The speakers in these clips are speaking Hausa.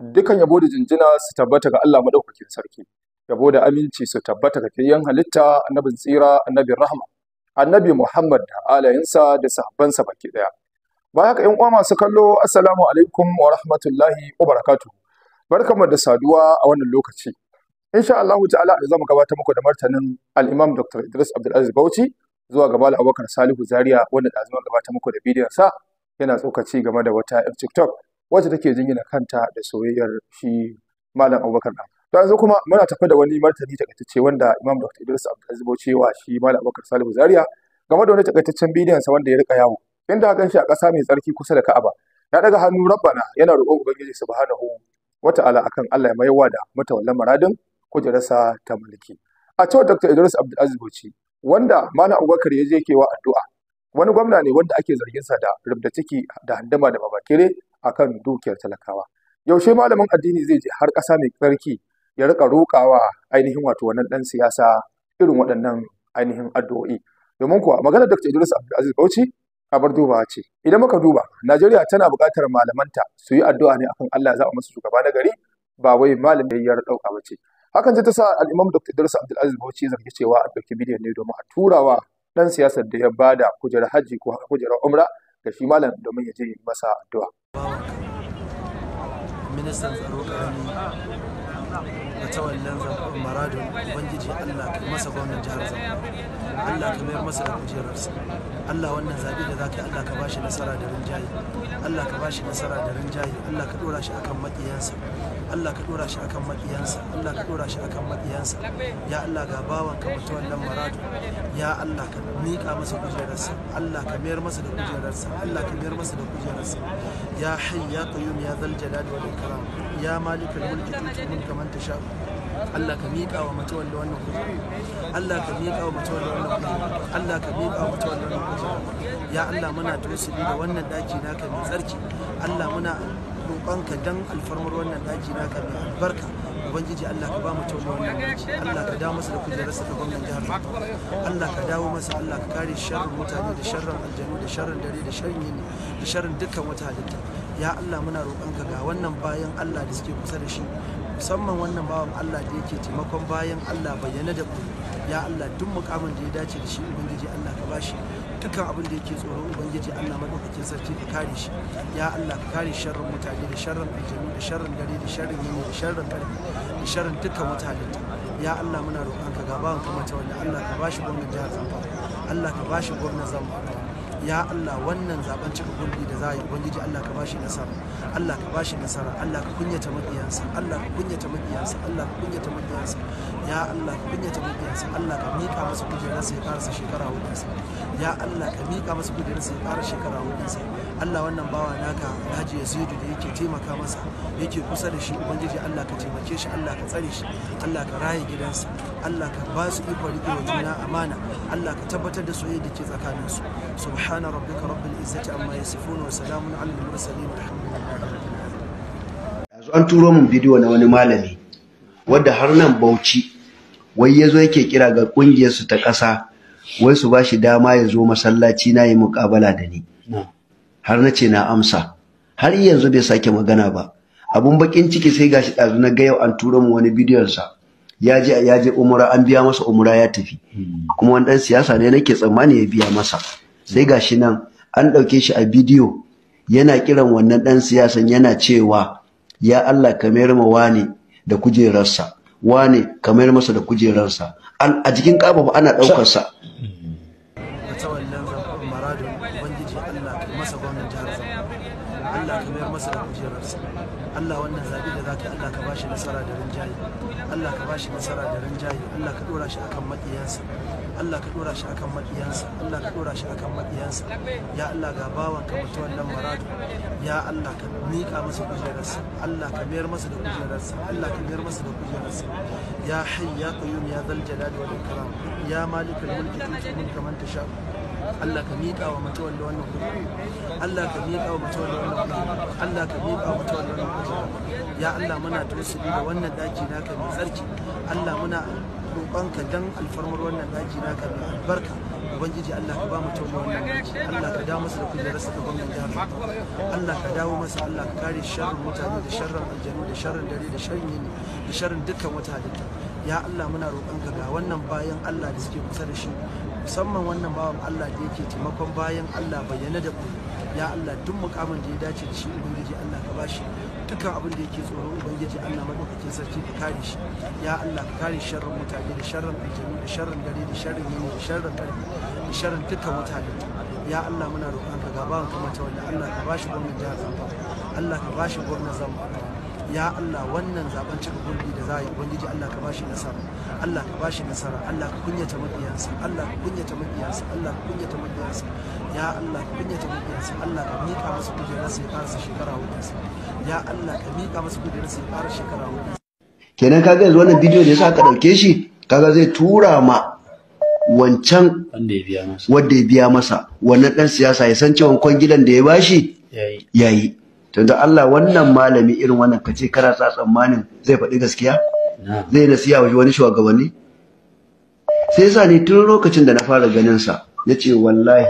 dukan yabo da jinjina su tabbata ga Allah madaukakin sarki yabo da aminci su tabbata ga kiyan halitta annabin tsira annabi rahma annabi Muhammad da alayensa da sahabbansa baki daya baya ka yan uwa masu kallo assalamu alaikum wa rahmatullahi wa barakatuh barkamu da saduwa a wannan lokaci insha Allah ta'ala da zamu gabatar muku da martanin al-Imam Dr. Idris Abdul Aziz Bauchi zuwa ga Malam Abubakar Salihu Zaria wanda da zamu gabatar muku da bidiyon sa yana tsokaci game da wata TikTok wacce take jingina kanta da soyayyar shi malam abubakar ɗan to yanzu kuma muna tafi da wani martani takaitacce wanda imam dr idris abdulaziz bauchi wa shi malam abubakar salihu zaria game da wani takaitaccen bidiyon sa wanda ya rika yawo inda ka shi a ƙasa mai tsarki kusa da ka'aba ya daga hannu rabbana yana roƙon ubangiji subhanahu wata'ala akan Allah ya mayarwa da matawallan maradin kujerarsa ta mulki a cewar dr idris abdulaziz bauchi wanda malam abubakar ya je wa addu'a wani gwamna ne wanda ake zargin sa da rubda ciki da handama da babakire akan dukiyar talakawa yaushe malamin addini zai je har ƙasa mai tsarki ya rika rokawa ainihin wato wannan dan siyasa irin waɗannan ainihin addu'o'i domin kuwa maganar Dr. Idris Abdulaziz Bauchi abar dubawa ce idan muka duba Najeriya tana buƙatar malamanta su yi addu'a ne akan Allah za a musu shugaba na gari ba wai malamin ya ɗauka ba ce hakan ce ta sa al'imam Dr. Idris Abdulaziz Bauchi ya zargi cewa a ɗauki ne domin a turawa ɗan siyasar da ya bada kujerar haji ko kujerar umra karfi malam domin ya je yi masa addu'a ministan tsaro da tawallin zaɓen maradun ubangiji allah ka masa gwamnan jihar zamfara allah ka mayar masa da kujerarsa allah wannan zaɓe da zaka allah ka bashi nasara da rinjaye allah ka bashi nasara da rinjaye allah ka ɗora shi akan maƙiyansa Allah ka dora shi akan makiyansa Allah ka dora shi akan makiyansa ya Allah ga bawan ka mutuwan nan maradu ya Allah ka miƙa masa kujerarsa Allah ka mayar masa da kujerarsa Allah ka mayar masa da kujerarsa ya hayy ya qayyum ya zal jalali wal ikram ya malikal mulki mun mulka man tasha Allah ka miƙa wa mace wanda wannan kujera Allah ka miƙa wa mace wanda wannan kujera Allah ka miƙa wa mace wanda wannan kujera ya Allah muna tausiri da wannan daki naka mai tsarki Allah muna roƙonka dan alfarmar wannan daji na mai albarka ubangiji Allah ka ba mu tauna wannan daji Allah ka dawo masa da kujerar sa da gwamnan jihar Allah ka dawo masa Allah ka kare sharrin mutane da sharrin aljanu da sharrin dare da sharrin yini da sharrin dukkan wata halitta ya Allah muna roƙonka ga wannan bayan Allah da suke kusa da shi musamman wannan bawan Allah da yake taimakon bayan Allah bayyana da ku ya Allah duk mukamin da ya dace da shi ubangiji Allah ka ba shi. dukkan abin da yake tsoron ubangiji Allah madaukakin sarki ka kare shi ya Allah ka kare sharrin mutane da sharrin aljanu da sharrin dare da sharrin yini da sharrin karfi da sharrin dukkan mutane ya Allah muna roƙon ka gabawan kuma ta wanda Allah ka bashi gwamnatin jihar Zamfara Allah ka bashi gwamnatin Zamfara ya Allah wannan zaben cika gurbi da za a yi ubangiji Allah ka bashi nasara Allah ka bashi nasara Allah ka kunyata makiyansa Allah ka kunyata makiyansa Allah ka kunyata makiyansa ya Allah ka kunyata mabiyansa Allah ka miƙa masa kujerarsa ya karasa shekara hukunsa ya Allah ka miƙa masa kujerarsa ya karasa shekara hukunsa Allah wannan bawa naka Alhaji Yazidu da yake taimaka masa yake kusa da shi ubangiji Allah ka taimake shi Allah ka tsare shi Allah ka raye gidansa Allah ka ba su ikon riƙe wa juna amana Allah ka tabbatar da soyayya da ke tsakanin su subhana rabbika rabbil izzati amma yasifun wa salamun alal mursalin alhamdulillah an turo min bidiyo na wani malami wadda har nan bauchi wai ya zo yake kira ga ƙungiyarsu ta ƙasa wai su bashi dama ya zo masallaci na yi muƙabala da ni har na ce na amsa har yanzu bai sake magana ba abun bakin ciki sai gashi ɗazu na ga yau an tura mu wani bidiyon sa ya je ya je umura an biya masa umura ya tafi hmm. kuma wani dan siyasa ne nake tsammani ya biya masa sai gashi nan an ɗauke shi a bidiyo yana kiran wannan dan siyasan yana cewa ya Allah ka mayar ma da kujerarsa wane kamar masa da kujeransa a jikin ba ana ɗaukarsa masa da kujerarsa Allah wannan zaɓi da zaka Allah ka bashi nasara da rinjaye Allah ka bashi nasara da rinjaye Allah ka dora shi akan makiyansa Allah ka dora shi akan makiyansa Allah ka dora shi akan makiyansa ya Allah ga bawan ka mutu wannan maradu ya Allah ka miƙa masa kujerarsa Allah ka mayar masa da kujerarsa Allah ka mayar masa da kujerarsa ya hayy ya qayyum ya dhal jalali wal ikram ya malikal mulki tu'ti mulka man tasha Allah ka miƙa wa mace wanda wannan kuma Allah ka miƙa wa mace wanda wannan kuma Allah ka miƙa wa mace wanda wannan kuma ya Allah muna tausiri da wannan daki naka mai tsarki Allah muna ka dan alfarmar wannan daki naka mai albarka ubangiji Allah ka ba mu tauna wannan Allah ka dawo masa da kujerarsa gaban nan da Allah ka dawo masa Allah ka kare sharrin mutane da sharrin aljanu da sharrin dare da sharrin yini da sharrin dukkan wata halitta ya Allah muna ka ga wannan bayan Allah da suke kusa da shi musamman wannan bawan Allah da yake taimakon bayan Allah bayyana da ya Allah duk mukamin da ya dace da shi ubangiji Allah ka bashi dukkan abin da yake tsoron ubangiji Allah madaukakin sarki ka kare shi ya Allah ka kare sharrin mutane da sharrin aljanu da sharrin gari da sharrin yini da sharrin karfi da sharrin dukkan mutane ya Allah muna roƙon ka gabawan ta wanda Allah ka bashi gwamnati jihar Zamfara Allah ka bashi gwamnati Zamfara ya Allah wannan zaben cika gurbi da za a yi ubangiji Allah ka bashi nasara Allah ka bashi nasara Allah ka kunyata mabiyansa Allah ka kunyata mabiyansa Allah ka kunyata mabiyansa ya Allah ka kunyata mabiyansa Allah ka miƙa masa kujerarsa ya ƙarasa shekara hukunsa ya Allah ka miƙa masa kujerar ya ƙarasa shekara hukunsa kenan kaga yanzu wannan bidiyo da yasa ka dauke shi kaga zai tura ma wancan wanda ya biya masa wannan dan siyasa ya san cewa kwangilan da ya bashi yayi yanzu Allah wannan malami irin wannan kace kana sa tsammanin zai faɗi gaskiya zai nasiya wa wani shugabanni sai yasa ni tun lokacin da na fara ganin sa nace wallahi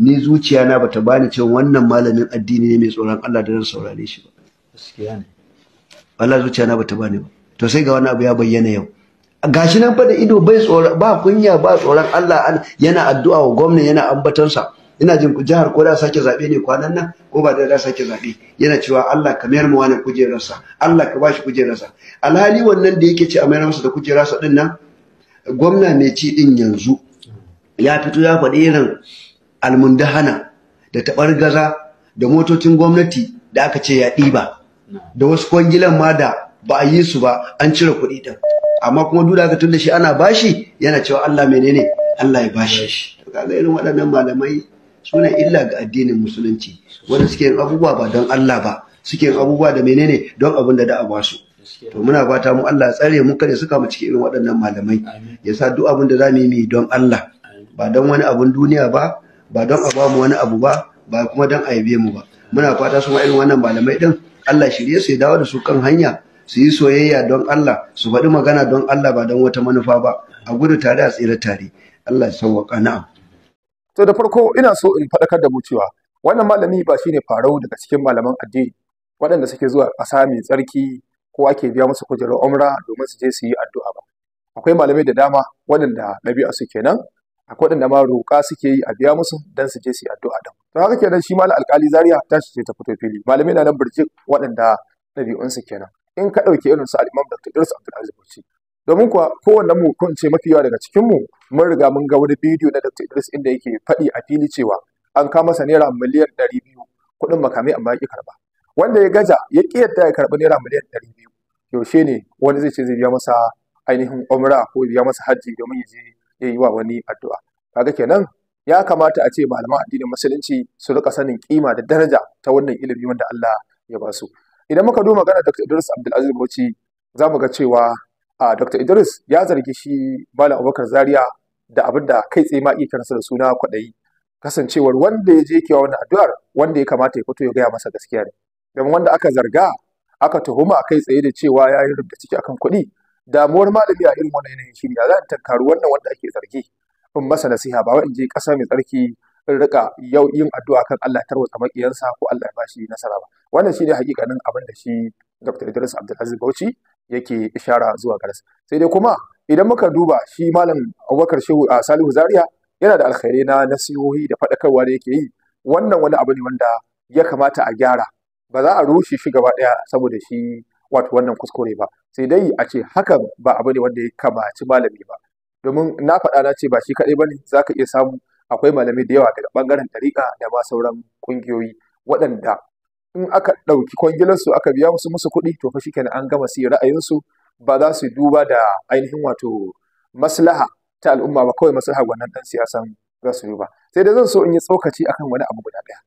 ni zuciya na bata bani cewa wannan malamin addini ne mai tsoron Allah da zan saurare shi ba gaskiya ne wallahi zuciya na bata bani ba to sai ga wani abu ya bayyana yau gashi nan fa da ido bai tsoro ba kunya ba tsoron Allah yana addu'a wa gwamnati yana ambatonsa sa ina jin jihar ko da sake zaɓe ne kwanan nan ko ba da sake zaɓe yana cewa Allah ka mayar mu wani kujerarsa Allah ka bashi kujerarsa alhali wannan da yake ce a mayar masa da kujerarsa din nan gwamna mai ci din yanzu ya fito ya faɗi irin almundahana da taɓar gaza da motocin gwamnati da aka ce ya ɗiba da wasu kwangilan ma da ba a yi su ba an cire kuɗi din amma kuma duk da haka tun da shi ana bashi yana cewa Allah menene Allah ya bashi kaga irin waɗannan malamai sunan illa ga addinin musulunci wanda suke yin abubuwa ba don Allah ba suke yin abubuwa da menene don abin da da'a ba su to muna fata mu Allah tsare mu kare suka mu cikin irin waɗannan malamai ya sa duk abin da zamu yi don Allah ba don wani abun duniya ba ba don a mu wani abu ba ba kuma don a yabe mu ba muna fata su ma irin wannan malamai din Allah shirye su ya dawo da su kan hanya su yi soyayya don Allah su faɗi magana don Allah ba don wata manufa ba a gudu tare a tsira tare Allah ya sauwaka na'am to da farko ina so in faɗakar da mu cewa wannan malami ba shine farau daga cikin malaman addini waɗanda suke zuwa ƙasa mai tsarki ko ake biya musu kujerar umra domin su je su yi addu'a ba akwai malamai da dama waɗanda ɗabi'a su kenan akwai waɗanda ma roƙa suke yi a biya musu dan su je su yi addu'a din to haka kenan shi malam alƙali zaria ta ce ta fito fili malamai na nan birjik waɗanda ɗabi'unsu kenan in ka ɗauki irin su al'imam dr idris abdulaziz bauchi domin kuwa kowanne mu kun ce mafi yawa daga cikin mu mun riga mun ga wani bidiyo na Dr. Idris inda yake faɗi a fili cewa an kama sa naira miliyan biyu'. kuɗin makamai amma ya karba wanda ya gaza ya ƙi yadda ya karɓi naira miliyan biyu. yaushe ne wani zai ce zai biya masa ainihin umra ko ya biya masa hajji domin ya je ya yi wa wani addu'a kaga kenan ya kamata a ce malaman addinin musulunci su rika sanin kima da daraja ta wannan ilimi wanda Allah ya ba su idan muka duba magana Dr. Idris Abdulaziz Bauchi za mu ga cewa a dr idris ya zargi shi malam abubakar zaria da abin da kai tsaye ma iya kiransa da suna kwaɗayi kasancewar wanda ya je kewa wannan addu'ar wanda ya kamata ya fito ya gaya masa gaskiya ne domin wanda aka zarga aka tuhuma kai tsaye da cewa ya yi rubuta ciki akan kuɗi damuwar malami a irin wannan yanayin shi ne za ta karu wannan wanda ake zargi in masa nasiha ba wai in je ƙasa mai tsarki in rika yau yin addu'a kan Allah ya tarwatsa makiyansa ko Allah ya bashi nasara ba wannan shi ne hakikanin abin da shi Dr. Idris Abdulaziz Bauchi yake ishara zuwa garas sai dai kuma idan muka duba shi malam abubakar shehu a salihu zaria yana da alkhairai na nasihohi da faɗakarwa da yake yi wannan wani abu ne wanda ya kamata a gyara ba za a rushe shi gaba ɗaya saboda shi wato wannan kuskure ba sai dai a ce hakan ba abu ne wanda ya kamaci malami ba domin na faɗa na ce ba shi kaɗai ne, za ka iya samu akwai malamai da yawa daga ɓangaren ɗariƙa da ma sauran ƙungiyoyi waɗanda in aka ɗauki kwangilansu aka biya musu musu kuɗi to fa shikenan an gama su ra'ayinsu ba za su duba da ainihin wato maslaha ta al'umma ba kawai maslaha wannan ɗan siyasan za su duba sai da zan so in yi tsokaci akan wani abu guda ɗaya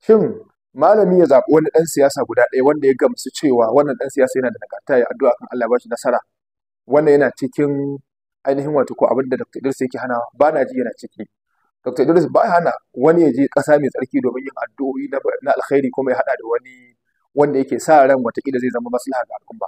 shin malami ya zaɓi wani ɗan siyasa guda ɗaya wanda ya gamsu cewa wannan ɗan siyasa yana da nagarta ya addu'a kan Allah ya bashi nasara wannan yana cikin ainihin wato ko abin da Dr. Idris yake hana ba na ji yana ciki Dr. Idris ba hana wani ya je ƙasa mai tsarki domin yin addu'o'i na alkhairi kuma ya haɗa da wani wanda yake sa ran watakila zai zama maslaha ga al'umma.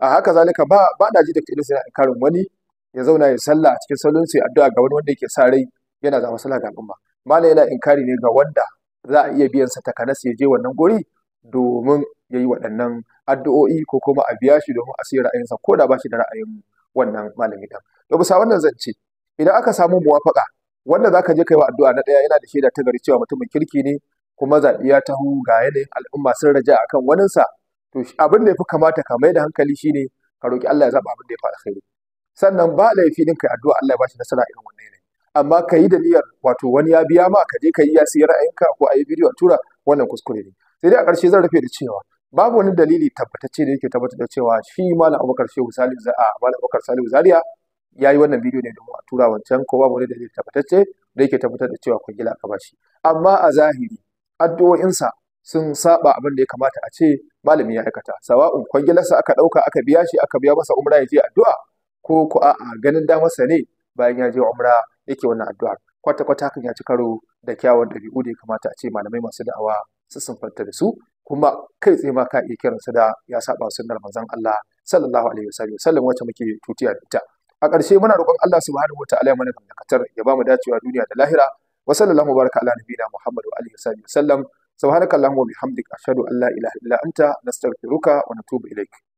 A haka zalika ba ba da ji Dr. Idris yana karin wani ya zauna ya salla a cikin salon sai addu'a ga wani wanda yake sa rai yana zama maslaha ga al'umma. Malam yana inkari ne ga wanda za a iya biyan sa takanas ya je wannan guri domin ya yi waɗannan addu'o'i ko kuma a biya shi domin a sai ra'ayinsa ko da ba shi da ra'ayin wannan malamin ɗan. To bisa wannan zance idan aka samu muwafaƙa wanda za ka je kai wa addu'a na ɗaya yana da shaida ta gari cewa mutumin kirki ne kuma zaɓi ya taho ga yanayin al'umma sun raja a kan waninsa to abin da ya fi kamata ka maida da hankali ne, ka roƙi Allah ya zaɓa abin da ya fi alkhairi sannan ba laifi din kai addu'a Allah ya bashi nasara irin wannan yanayi amma ka yi da niyyar wato wani ya biya ma ka je ka yi ya siya ra'ayinka ko a yi bidiyo a tura wannan kuskure ne sai dai a ƙarshe zan rufe da cewa babu wani dalili tabbatacce da yake tabbatar da cewa shi malam abubakar shehu salihu a malam abubakar salihu zaria ya yi wannan bidiyo ne domin a tura wancan ko babu wani dalili tabbatacce da yake tabbatar da cewa kwangila aka shi. amma a zahiri addu'o'insa sun saba abin da ya kamata a ce malami ya aikata sawa'un kwangilarsa aka ɗauka aka biya shi aka biya masa umra ya je addu'a ko ko a ganin masa ne bayan ya je umra yake wannan addu'a kwata kwata hakan ya ci karo da kyawun ɗabi'u da ya kamata a ce malamai masu da'awa su sun fanta da su kuma kai tsaye ma ka iya kiransu da ya saba sunnar manzon Allah sallallahu alaihi wasallam wacce muke tutiya da ita a ƙarshe muna roƙon Allah subhanahu wataala ya mana gamdakatar ya bamu dacewa duniya da lahira wa sallallahu mubaraka ala nabiyina Muhammad wa alihi wa sallam subhanakallahumma wa bihamdika ashhadu an la ilaha illa anta nastaghfiruka wa natubu ilaik